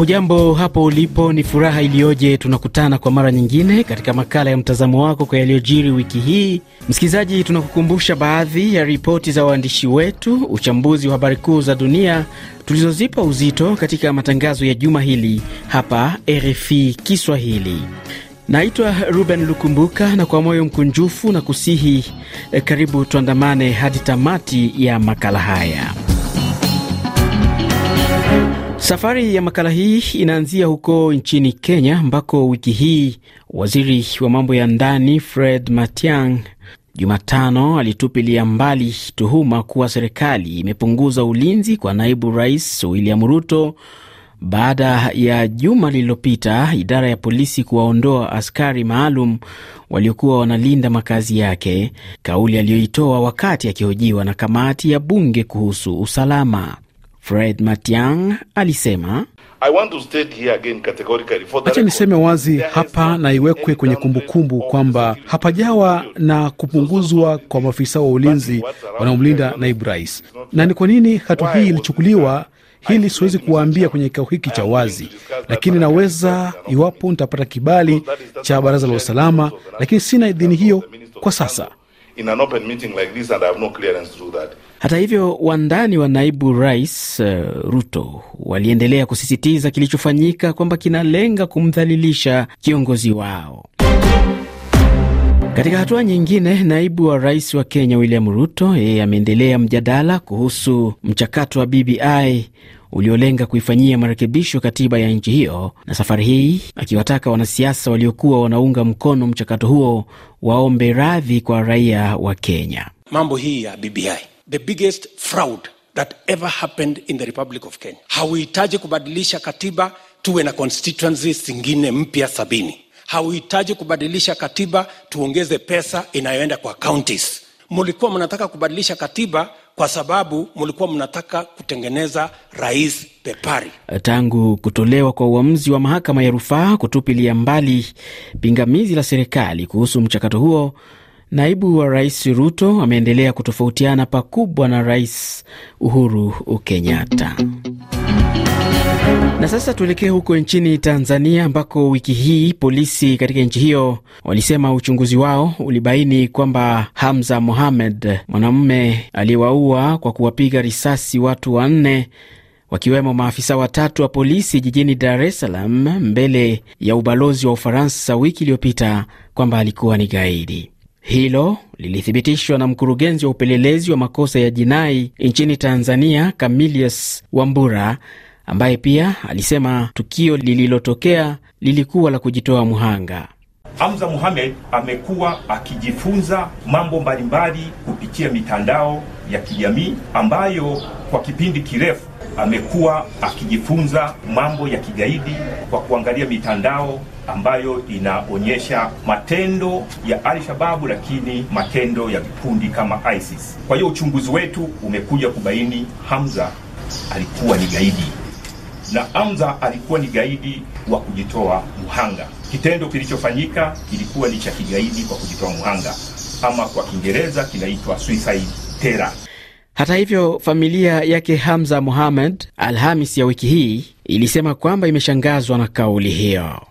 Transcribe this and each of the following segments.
Hujambo hapo ulipo, ni furaha iliyoje tunakutana kwa mara nyingine katika makala ya mtazamo wako kwa yaliyojiri wiki hii. Msikilizaji, tunakukumbusha baadhi ya ripoti za waandishi wetu, uchambuzi wa habari kuu za dunia tulizozipa uzito katika matangazo ya juma hili hapa RFI Kiswahili. Naitwa Ruben Lukumbuka na kwa moyo mkunjufu na kusihi, eh, karibu tuandamane hadi tamati ya makala haya. Safari ya makala hii inaanzia huko nchini Kenya ambako wiki hii waziri wa mambo ya ndani Fred Matiang Jumatano alitupilia mbali tuhuma kuwa serikali imepunguza ulinzi kwa naibu rais William Ruto baada ya juma lililopita idara ya polisi kuwaondoa askari maalum waliokuwa wanalinda makazi yake, kauli aliyoitoa wakati akihojiwa na kamati ya bunge kuhusu usalama. Fred Matiang alisema Hacha niseme wazi hapa na iwekwe kwenye kumbukumbu kwamba hapajawa na kupunguzwa kwa maafisa wa ulinzi wanaomlinda naibu rais. Na ni kwa nini hatua hii ilichukuliwa, hili siwezi kuwaambia kwenye kikao hiki cha wazi, lakini naweza iwapo nitapata kibali cha baraza la usalama, lakini sina idhini hiyo kwa sasa. Hata hivyo, wandani wa naibu rais uh, Ruto waliendelea kusisitiza kilichofanyika kwamba kinalenga kumdhalilisha kiongozi wao. Katika hatua nyingine, naibu wa rais wa Kenya William Ruto yeye ameendelea mjadala kuhusu mchakato wa BBI uliolenga kuifanyia marekebisho katiba ya nchi hiyo, na safari hii akiwataka wanasiasa waliokuwa wanaunga mkono mchakato huo waombe radhi kwa raia wa Kenya. Mambo hii ya BBI the biggest fraud that ever happened in the republic of kenya hauhitaji kubadilisha katiba tuwe na constituencies zingine mpya sabini hauhitaji kubadilisha katiba tuongeze pesa inayoenda kwa counties mulikuwa mnataka kubadilisha katiba kwa sababu mulikuwa mnataka kutengeneza rais pepari. Tangu kutolewa kwa uamuzi wa mahakama ya rufaa kutupilia mbali pingamizi la serikali kuhusu mchakato huo, Naibu wa rais Ruto ameendelea kutofautiana pakubwa na rais Uhuru Kenyatta. Na sasa tuelekee huko nchini Tanzania ambako wiki hii polisi katika nchi hiyo walisema uchunguzi wao ulibaini kwamba Hamza Mohamed, mwanamume aliyewaua kwa kuwapiga risasi watu wanne wakiwemo maafisa watatu wa polisi jijini Dar es Salaam mbele ya ubalozi wa Ufaransa wiki iliyopita kwamba alikuwa ni gaidi. Hilo lilithibitishwa na mkurugenzi wa upelelezi wa makosa ya jinai nchini Tanzania, camilius Wambura, ambaye pia alisema tukio lililotokea lilikuwa la kujitoa mhanga. Hamza muhamed amekuwa akijifunza mambo mbalimbali kupitia mitandao ya kijamii ambayo kwa kipindi kirefu amekuwa akijifunza mambo ya kigaidi kwa kuangalia mitandao ambayo inaonyesha matendo ya Al-Shababu lakini matendo ya vikundi kama ISIS. Kwa hiyo uchunguzi wetu umekuja kubaini Hamza alikuwa ni gaidi na Hamza alikuwa ni gaidi wa kujitoa muhanga. Kitendo kilichofanyika kilikuwa ni cha kigaidi kwa kujitoa muhanga ama kwa Kiingereza kinaitwa suicide terror. Hata hivyo, familia yake Hamza Mohamed Alhamis ya wiki hii ilisema kwamba imeshangazwa na kauli hiyo.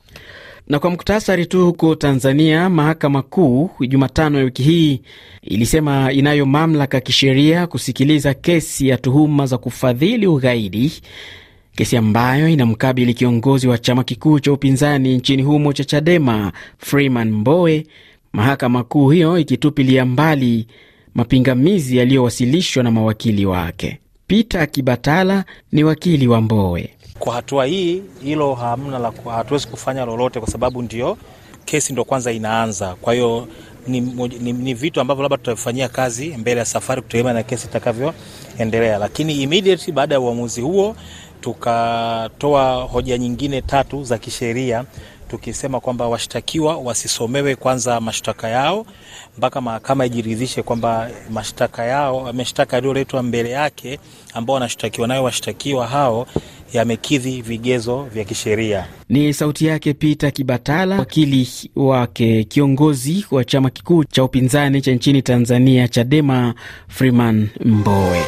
Na kwa muktasari tu, huko Tanzania, mahakama kuu Jumatano ya wiki hii ilisema inayo mamlaka kisheria kusikiliza kesi ya tuhuma za kufadhili ugaidi, kesi ambayo inamkabili kiongozi wa chama kikuu cha upinzani nchini humo cha Chadema Freeman Mbowe, mahakama kuu hiyo ikitupilia mbali mapingamizi yaliyowasilishwa na mawakili wake. Peter Kibatala ni wakili wa Mbowe. Kwa hatua hii, hilo hamna la, hatuwezi kufanya lolote, kwa sababu ndio kesi ndo kwanza inaanza. Kwa hiyo ni, ni, ni vitu ambavyo labda tutafanyia kazi mbele ya safari kutegemea na kesi itakavyoendelea, lakini immediately baada ya uamuzi huo tukatoa hoja nyingine tatu za kisheria tukisema kwamba washtakiwa wasisomewe kwanza mashtaka yao mpaka mahakama ijiridhishe kwamba mashtaka yao, mashtaka yaliyoletwa mbele yake ambao wanashtakiwa nayo washtakiwa hao yamekidhi vigezo vya kisheria. Ni sauti yake Peter Kibatala, wakili wake kiongozi wa chama kikuu cha upinzani cha nchini Tanzania, Chadema, Freeman Mbowe.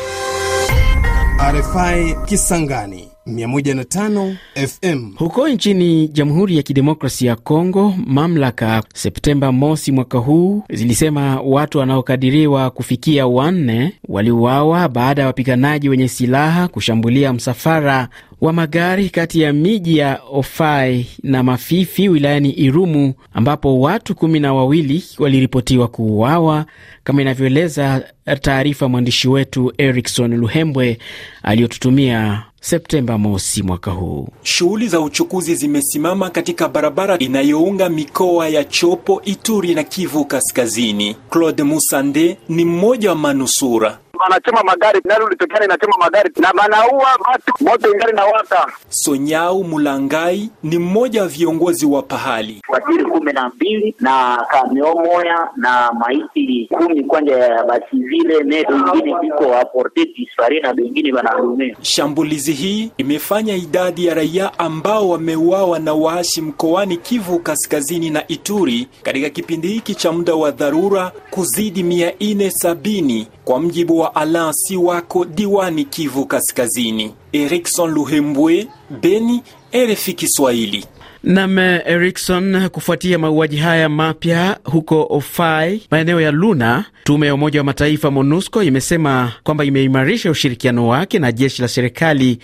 RFI Kisangani 105 FM huko nchini Jamhuri ya Kidemokrasia ya Kongo. Mamlaka Septemba mosi mwaka huu zilisema watu wanaokadiriwa kufikia wanne waliuawa baada ya wapiganaji wenye silaha kushambulia msafara wa magari kati ya miji ya Ofai na Mafifi wilayani Irumu, ambapo watu kumi na wawili waliripotiwa kuuawa kama inavyoeleza taarifa mwandishi wetu Erikson Luhembwe aliyotutumia Septemba mosi mwaka huu. Shughuli za uchukuzi zimesimama katika barabara inayounga mikoa ya Chopo, Ituri na Kivu Kaskazini. Claude Musande ni mmoja wa manusura anachoma magari, nalo litokana inachoma magari na manaua watu, moto ingali na waka. Sonyau Mulangai ni mmoja wa viongozi wa pahali wajiri kumi na mbili na kameo moya na maiti kumi kwanja ya basi vile ne bengine iko aporte dispari na bengine banalumia. Shambulizi hii imefanya idadi ya raia ambao wameuawa na waasi mkoani Kivu Kaskazini na Ituri katika kipindi hiki cha muda wa dharura kuzidi mia nne sabini kwa mjibu wa Alain Alansi wako diwani Kivu Kaskazini. Erikson Luhembwe, Beni, RFI Kiswahili. Nam Erikson, kufuatia mauaji haya mapya huko Ofai, maeneo ya Luna, Tume ya Umoja wa Mataifa MONUSCO imesema kwamba imeimarisha ushirikiano wake na jeshi la serikali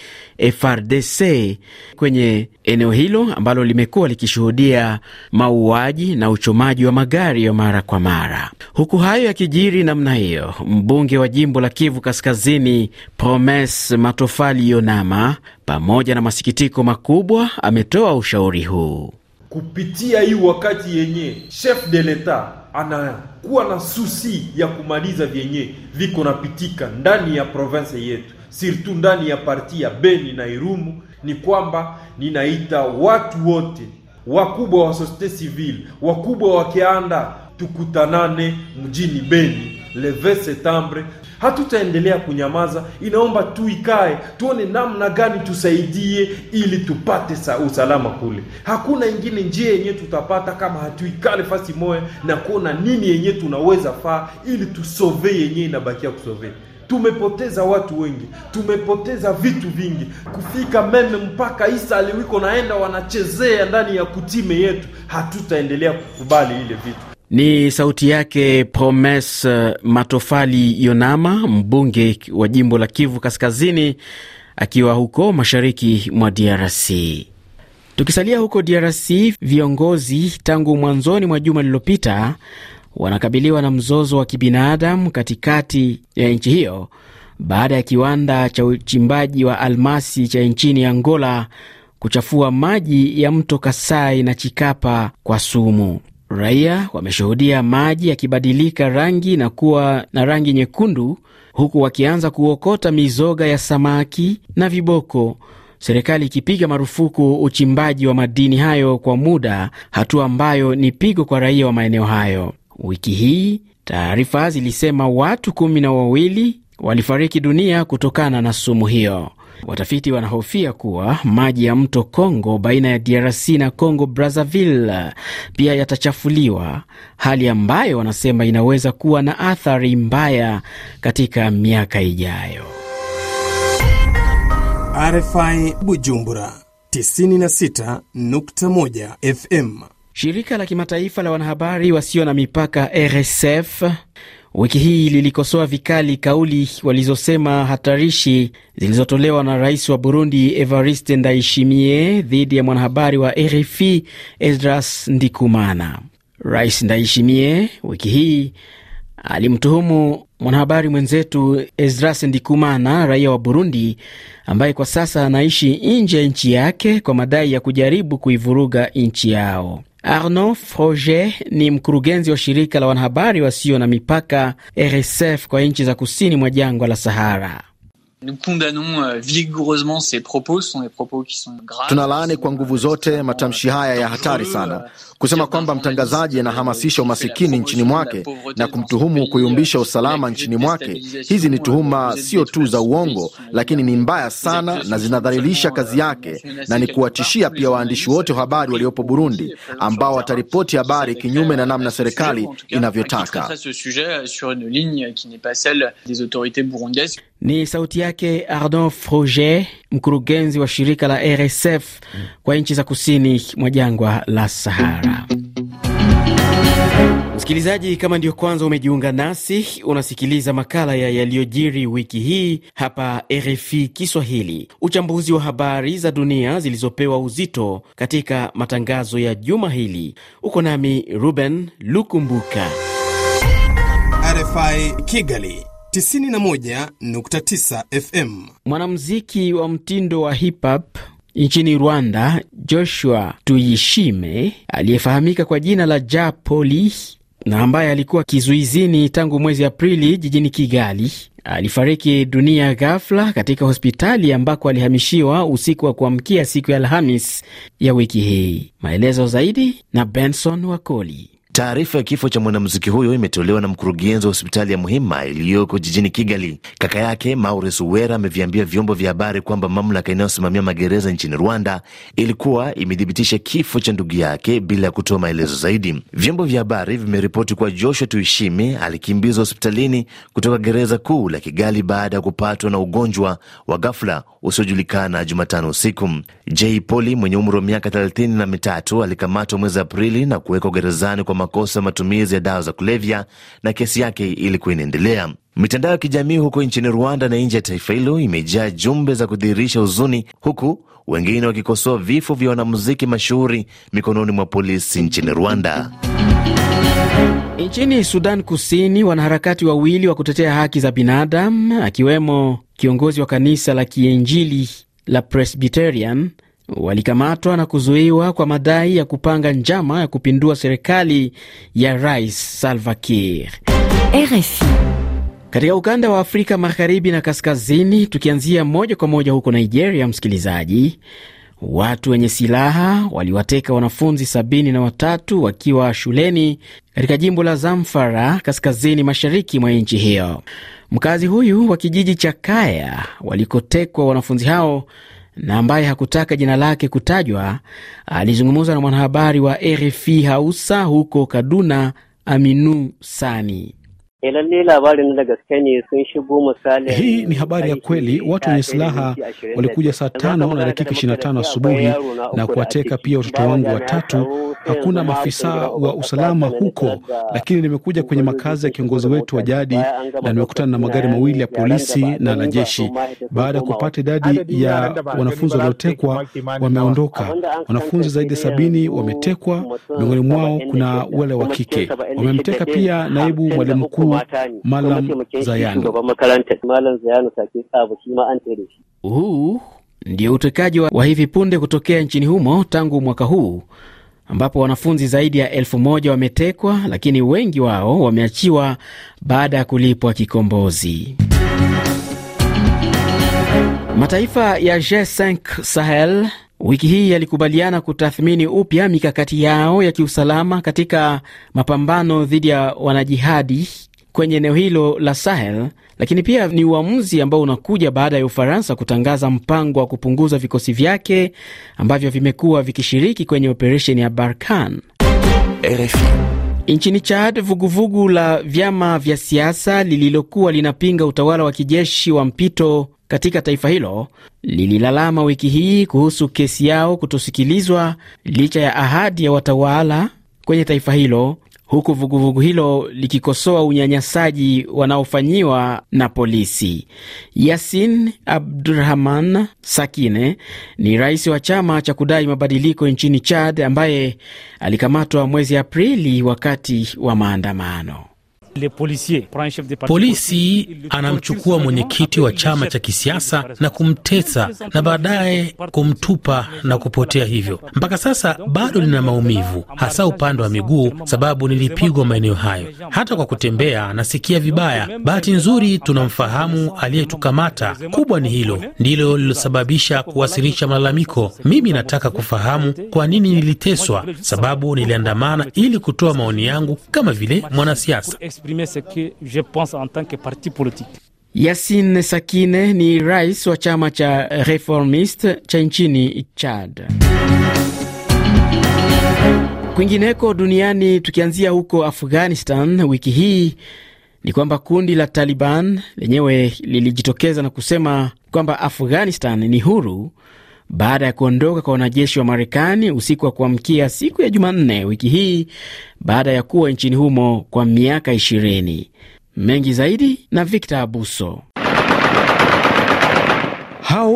FRDC kwenye eneo hilo ambalo limekuwa likishuhudia mauaji na uchomaji wa magari ya mara kwa mara. Huku hayo yakijiri namna hiyo, mbunge wa jimbo la Kivu Kaskazini promes Matofali Yonama, pamoja na masikitiko makubwa, ametoa ushauri huu kupitia hii wakati yenye chef de l'etat anakuwa na susi ya kumaliza vyenye viko napitika ndani ya province yetu, sirtu ndani ya parti ya Beni na Irumu, ni kwamba ninaita watu wote wakubwa wa societe civile, wakubwa wa kianda, tukutanane mjini Beni le 20 septembre hatutaendelea kunyamaza. Inaomba tuikae tuone namna gani tusaidie, ili tupate sa usalama kule. Hakuna ingine njia yenye tutapata kama hatuikale fasi moya na kuona nini yenye tunaweza faa, ili tusove yenye inabakia kusove Tumepoteza watu wengi, tumepoteza vitu vingi, kufika meme mpaka Isa aliwiko naenda wanachezea ndani ya kutime yetu. Hatutaendelea kukubali ile vitu. Ni sauti yake Promes uh, Matofali Yonama, mbunge wa jimbo la Kivu Kaskazini, akiwa huko mashariki mwa DRC. Tukisalia huko DRC, viongozi tangu mwanzoni mwa juma lililopita wanakabiliwa na mzozo wa kibinadamu katikati ya nchi hiyo baada ya kiwanda cha uchimbaji wa almasi cha nchini Angola kuchafua maji ya mto Kasai na Chikapa kwa sumu. Raia wameshuhudia maji yakibadilika rangi na kuwa na rangi nyekundu, huku wakianza kuokota mizoga ya samaki na viboko, serikali ikipiga marufuku uchimbaji wa madini hayo kwa muda, hatua ambayo ni pigo kwa raia wa maeneo hayo. Wiki hii taarifa zilisema watu kumi na wawili walifariki dunia kutokana na sumu hiyo. Watafiti wanahofia kuwa maji ya mto Kongo baina ya DRC na congo Brazzaville pia yatachafuliwa, hali ambayo wanasema inaweza kuwa na athari mbaya katika miaka ijayo. RFI Bujumbura 96.1 FM. Shirika la kimataifa la wanahabari wasio na mipaka RSF wiki hii lilikosoa vikali kauli walizosema hatarishi zilizotolewa na rais wa Burundi Evariste Ndayishimiye dhidi ya mwanahabari wa RFI Esdras Ndikumana. Rais Ndayishimiye wiki hii alimtuhumu mwanahabari mwenzetu Esdras Ndikumana, raia wa Burundi ambaye kwa sasa anaishi nje ya nchi yake, kwa madai ya kujaribu kuivuruga nchi yao. Arnaud Froger ni mkurugenzi wa shirika la wanahabari wasio na mipaka RSF kwa nchi za kusini mwa jangwa la Sahara. Nous condamnons euh, vigoureusement ces propos, sont des propos qui sont graves. Tunalaani kwa nguvu zote matamshi euh, haya ya hatari euh, sana. Kusema kwamba mtangazaji anahamasisha umasikini nchini mwake na kumtuhumu kuyumbisha usalama nchini mwake, hizi ni tuhuma sio tu za uongo, lakini ni mbaya sana na zinadhalilisha kazi yake, na ni kuwatishia pia waandishi wote wa habari waliopo Burundi ambao wataripoti habari kinyume na namna serikali inavyotaka. Ni sauti yake Ardon Froge, mkurugenzi wa shirika la RSF kwa nchi za kusini mwa jangwa la Sahara. Msikilizaji, kama ndiyo kwanza umejiunga nasi, unasikiliza makala ya yaliyojiri wiki hii hapa RFI Kiswahili, uchambuzi wa habari za dunia zilizopewa uzito katika matangazo ya juma hili. Uko nami Ruben Lukumbuka, RFI Kigali 91.9 FM. Mwanamuziki wa mtindo wa hip hop nchini Rwanda, Joshua Tuyishime aliyefahamika kwa jina la Ja Poli na ambaye alikuwa kizuizini tangu mwezi Aprili jijini Kigali alifariki dunia ghafla katika hospitali ambako alihamishiwa usiku wa kuamkia siku ya Alhamis ya wiki hii. Maelezo zaidi na Benson Wakoli. Taarifa ya kifo cha mwanamuziki huyo imetolewa na mkurugenzi wa hospitali ya Muhima iliyoko jijini Kigali. Kaka yake Maurice Uwera ameviambia vyombo vya habari kwamba mamlaka inayosimamia magereza nchini Rwanda ilikuwa imethibitisha kifo cha ndugu yake bila ya kutoa maelezo zaidi. Vyombo vya habari vimeripoti kuwa Joshua Tuishime alikimbizwa hospitalini kutoka gereza kuu la Kigali baada ya kupatwa na ugonjwa wa ghafla usiojulikana Jumatano usiku. J Poli mwenye umri wa miaka thelathini na mitatu alikamatwa mwezi Aprili na kuwekwa gerezani kwa makosa ya matumizi ya dawa za kulevya na kesi yake ilikuwa inaendelea. Mitandao ya kijamii huko nchini Rwanda na nje ya taifa hilo imejaa jumbe za kudhihirisha huzuni, huku wengine wakikosoa vifo vya wanamuziki mashuhuri mikononi mwa polisi nchini Rwanda. Nchini Sudan Kusini, wanaharakati wawili wa kutetea haki za binadamu akiwemo kiongozi wa kanisa la Kiinjili la Presbyterian walikamatwa na kuzuiwa kwa madai ya kupanga njama ya kupindua serikali ya Rais Salva Kiir. RFI. Katika ukanda wa Afrika magharibi na kaskazini, tukianzia moja kwa moja huko Nigeria, msikilizaji, watu wenye silaha waliwateka wanafunzi sabini na watatu wakiwa shuleni katika jimbo la Zamfara, kaskazini mashariki mwa nchi hiyo. Mkazi huyu wa kijiji cha Kaya walikotekwa wanafunzi hao na ambaye hakutaka jina lake kutajwa alizungumza na mwanahabari wa RFI Hausa huko Kaduna, Aminu Sani. Hii ni habari ya kweli. Watu wenye silaha walikuja saa tano na dakika 25 asubuhi na kuwateka pia watoto wangu watatu hakuna maafisa wa usalama huko, lakini nimekuja kwenye makazi ya kiongozi wetu wa jadi na nimekutana na magari mawili ya polisi na la jeshi. Baada ya kupata idadi ya wanafunzi waliotekwa, wameondoka. Wanafunzi zaidi ya sabini wametekwa, miongoni mwao kuna wale wa kike. Wamemteka pia naibu mwalimu mkuu Malam Zayano. Huu ndio utekaji wa hivi punde kutokea nchini humo tangu mwaka huu ambapo wanafunzi zaidi ya elfu moja wametekwa, lakini wengi wao wameachiwa baada ya kulipwa kikombozi. Mataifa ya G5 Sahel wiki hii yalikubaliana kutathmini upya mikakati yao ya kiusalama katika mapambano dhidi ya wanajihadi kwenye eneo hilo la Sahel, lakini pia ni uamuzi ambao unakuja baada ya Ufaransa kutangaza mpango wa kupunguza vikosi vyake ambavyo vimekuwa vikishiriki kwenye operesheni ya Barkan. RFI. Nchini Chad, vuguvugu la vyama vya siasa lililokuwa linapinga utawala wa kijeshi wa mpito katika taifa hilo lililalama wiki hii kuhusu kesi yao kutosikilizwa licha ya ahadi ya watawala kwenye taifa hilo huku vuguvugu vugu hilo likikosoa unyanyasaji wanaofanyiwa na polisi. Yasin Abdurahman Sakine ni rais wa chama cha kudai mabadiliko nchini Chad ambaye alikamatwa mwezi Aprili wakati wa maandamano. Polisi anamchukua mwenyekiti wa chama cha kisiasa na kumtesa na baadaye kumtupa na kupotea hivyo. Mpaka sasa bado nina maumivu, hasa upande wa miguu, sababu nilipigwa maeneo hayo. Hata kwa kutembea nasikia vibaya. Bahati nzuri tunamfahamu aliyetukamata. Kubwa ni hilo, ndilo lilosababisha kuwasilisha malalamiko. Mimi nataka kufahamu kwa nini niliteswa, sababu niliandamana ili kutoa maoni yangu kama vile mwanasiasa exprimer ce que je pense en tant que parti politique. Yasin Sakine ni rais wa chama cha Reformist cha nchini Chad. Kwingineko duniani, tukianzia huko Afghanistan, wiki hii ni kwamba kundi la Taliban lenyewe lilijitokeza na kusema kwamba Afghanistan ni huru baada ya kuondoka kwa wanajeshi wa Marekani usiku wa kuamkia siku ya Jumanne wiki hii baada ya kuwa nchini humo kwa miaka 20. Mengi zaidi na Victor Abuso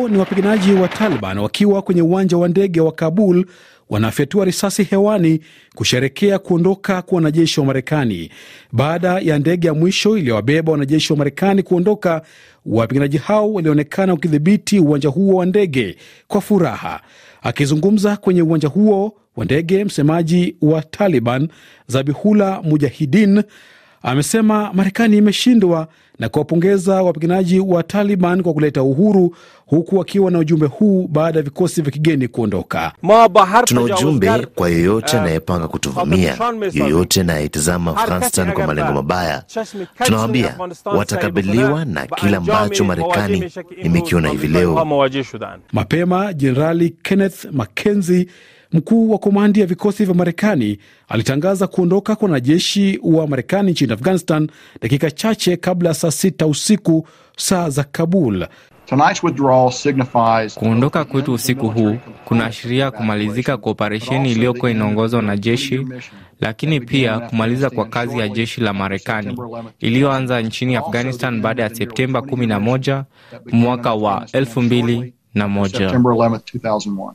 ni wapiganaji wa Taliban wakiwa kwenye uwanja wa ndege wa Kabul wanafyatua risasi hewani kusherekea kuondoka kwa wanajeshi wa Marekani. Baada ya ndege ya mwisho iliyowabeba wanajeshi wa Marekani kuondoka, wapiganaji hao walionekana wakidhibiti uwanja huo wa ndege kwa furaha. Akizungumza kwenye uwanja huo wa ndege, msemaji wa Taliban Zabihullah Mujahidin amesema Marekani imeshindwa na kuwapongeza wapiganaji wa Taliban kwa kuleta uhuru, huku wakiwa na ujumbe huu baada ya vikosi vya kigeni kuondoka. Tuna ujumbe kwa yoyote eh, anayepanga kutuvamia, yoyote anayetizama Afghanistan kwa malengo mabaya. Tunawaambia watakabiliwa na kila ambacho Marekani imekiona hivi leo. Mapema Jenerali Kenneth Mackenzie Mkuu wa komandi ya vikosi vya Marekani alitangaza kuondoka kwa wanajeshi wa Marekani nchini Afghanistan dakika chache kabla ya saa sita usiku saa za Kabul. Kuondoka kwetu usiku huu kunaashiria kumalizika kwa operesheni iliyokuwa inaongozwa na jeshi, lakini pia kumaliza kwa kazi ya jeshi la Marekani iliyoanza nchini Afghanistan baada ya Septemba 11 mwaka wa 2001.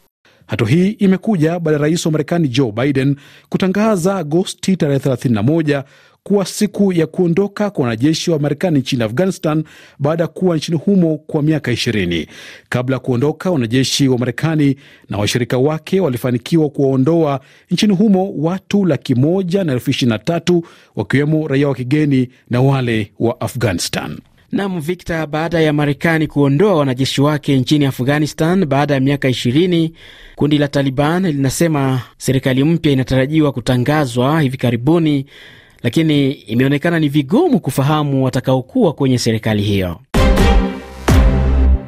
Hatua hii imekuja baada ya rais wa Marekani Joe Biden kutangaza Agosti tarehe 31 kuwa siku ya kuondoka kwa wanajeshi wa Marekani nchini Afghanistan baada ya kuwa nchini humo kwa miaka 20. Kabla ya kuondoka, wanajeshi wa Marekani na washirika wake walifanikiwa kuwaondoa nchini humo watu laki moja na elfu ishirini na tatu wakiwemo raia wa kigeni na wale wa Afghanistan. Nam Victor, baada ya Marekani kuondoa wanajeshi wake nchini Afghanistan baada ya miaka 20, kundi la Taliban linasema serikali mpya inatarajiwa kutangazwa hivi karibuni, lakini imeonekana ni vigumu kufahamu watakaokuwa kwenye serikali hiyo.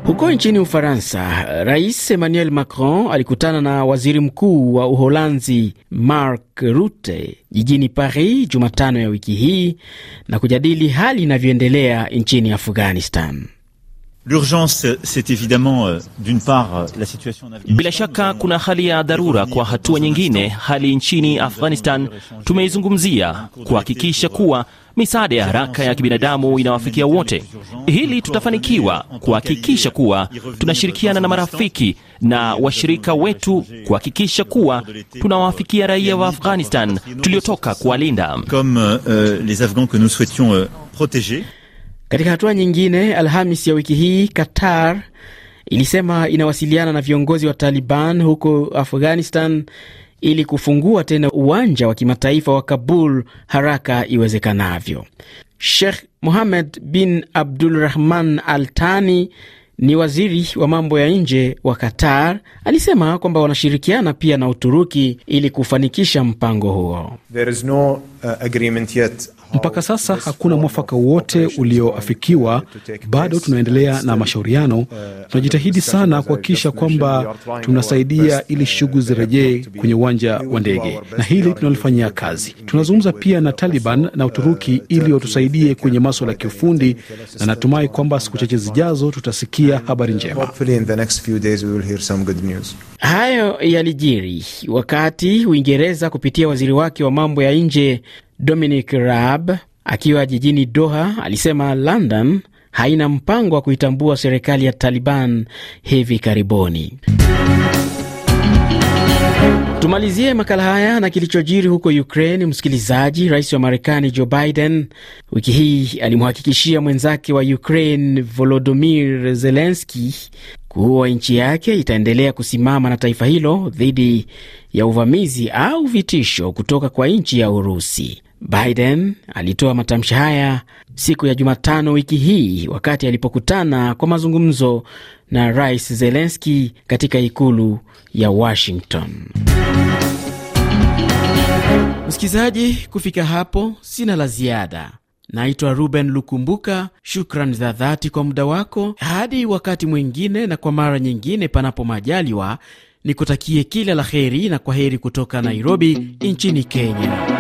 Huko nchini Ufaransa, Rais Emmanuel Macron alikutana na waziri mkuu wa Uholanzi Mark Rutte jijini Paris Jumatano ya wiki hii na kujadili hali inavyoendelea nchini Afghanistan. L'urgence, c'est évidemment euh, d'une part euh, la situation en Afghanistan. Bila shaka kuna hali ya dharura. Kwa hatua nyingine, hali nchini Afghanistan tumeizungumzia, kuhakikisha kuwa misaada ya haraka ya kibinadamu inawafikia wote. Hili tutafanikiwa kuhakikisha kuwa tunashirikiana na marafiki na washirika wetu kuhakikisha kuwa tunawafikia raia wa Afghanistan tuliotoka kuwalinda. Euh, katika hatua nyingine, Alhamis ya wiki hii Qatar ilisema inawasiliana na viongozi wa Taliban huko Afghanistan ili kufungua tena uwanja wa kimataifa wa Kabul haraka iwezekanavyo. Sheikh Mohammed bin Abdulrahman Al Thani ni waziri wa mambo ya nje wa Qatar alisema kwamba wanashirikiana pia na Uturuki ili kufanikisha mpango huo. There is no, uh, agreement yet mpaka sasa hakuna mwafaka wote ulioafikiwa, bado tunaendelea na mashauriano. Tunajitahidi sana kuhakikisha kwamba tunasaidia ili shughuli zirejee kwenye uwanja wa ndege, na hili tunalifanyia kazi. Tunazungumza pia na Taliban na Uturuki ili watusaidie kwenye maswala ya kiufundi, na natumai kwamba siku chache zijazo tutasikia habari njema. Hayo yalijiri wakati Uingereza kupitia waziri wake wa mambo ya nje Dominic Raab akiwa jijini Doha alisema London haina mpango wa kuitambua serikali ya Taliban hivi karibuni. Tumalizie makala haya na kilichojiri huko Ukraine, msikilizaji. Rais wa Marekani Joe Biden wiki hii alimhakikishia mwenzake wa Ukraine Volodymyr Zelensky kuwa nchi yake itaendelea kusimama na taifa hilo dhidi ya uvamizi au vitisho kutoka kwa nchi ya Urusi. Biden alitoa matamshi haya siku ya Jumatano wiki hii wakati alipokutana kwa mazungumzo na Rais Zelensky katika ikulu ya Washington. Msikilizaji, kufika hapo sina la ziada. Naitwa Ruben Lukumbuka. Shukran za dhati kwa muda wako. Hadi wakati mwingine, na kwa mara nyingine, panapo majaliwa, nikutakie kila la heri na kwa heri kutoka Nairobi nchini Kenya.